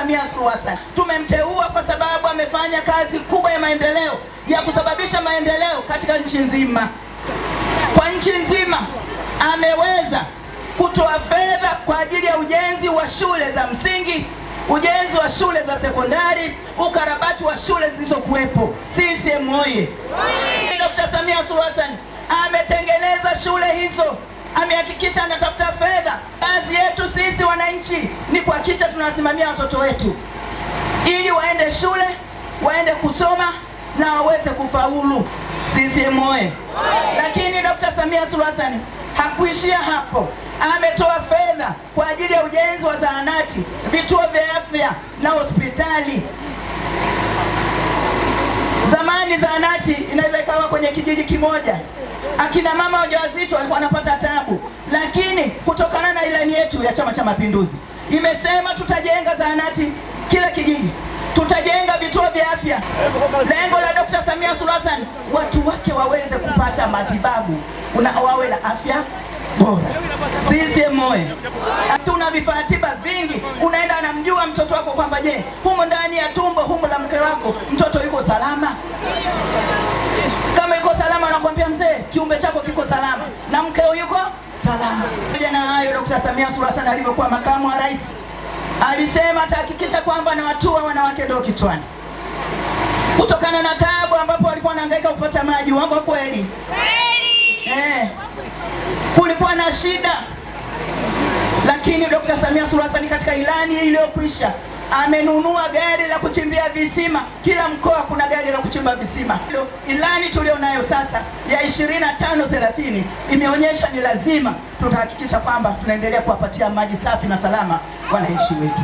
Samia Suluhu Hassan. Tumemteua kwa sababu amefanya kazi kubwa ya maendeleo ya kusababisha maendeleo katika nchi nzima. Kwa nchi nzima ameweza kutoa fedha kwa ajili ya ujenzi wa shule za msingi, ujenzi wa shule za sekondari, ukarabati wa shule zilizokuwepo. CCM oye! Dkt. Samia Suluhu Hassan ametengeneza shule hizo, amehakikisha anatafuta fedha nchi ni kuhakikisha tunawasimamia watoto wetu ili waende shule, waende kusoma na waweze kufaulu. CCM oye! Lakini Dkt. Samia Suluhu Hassan hakuishia hapo, ametoa fedha kwa ajili ya ujenzi wa zahanati, vituo vya afya na hospitali. Zamani zahanati inaweza ikawa kwenye kijiji kimoja, akina mama wajawazito walikuwa wanapata tabu lakini kutokana na ilani yetu ya Chama cha Mapinduzi imesema tutajenga zahanati kila kijiji, tutajenga vituo vya afya. Lengo la Dkt. Samia Suluhu Hassan, watu wake waweze kupata matibabu na wawe na afya bora. Sisi oye! Hatuna vifaa tiba vingi, unaenda anamjua mtoto wako kwamba je, humo ndani ya tumbo humo la mke wako mtoto yuko salama? Kama yuko salama, anakuambia mzee, kiumbe chako kiko Dr. Samia Suluhu Hassan alivyokuwa makamu wa rais, alisema atahakikisha kwamba na watua wanawake ndoo kichwani, kutokana na taabu ambapo walikuwa wanahangaika kupata maji. Wangu kweli eh, kulikuwa na shida, lakini Dr. Samia Suluhu Hassan katika ilani iliyokwisha amenunua gari la kuchimbia visima. Kila mkoa kuna gari la kuchimba visima. Ilani nayo sasa ya 25 30 imeonyesha ni lazima tutahakikisha kwamba tunaendelea kuwapatia maji safi na salama wananchi wetu.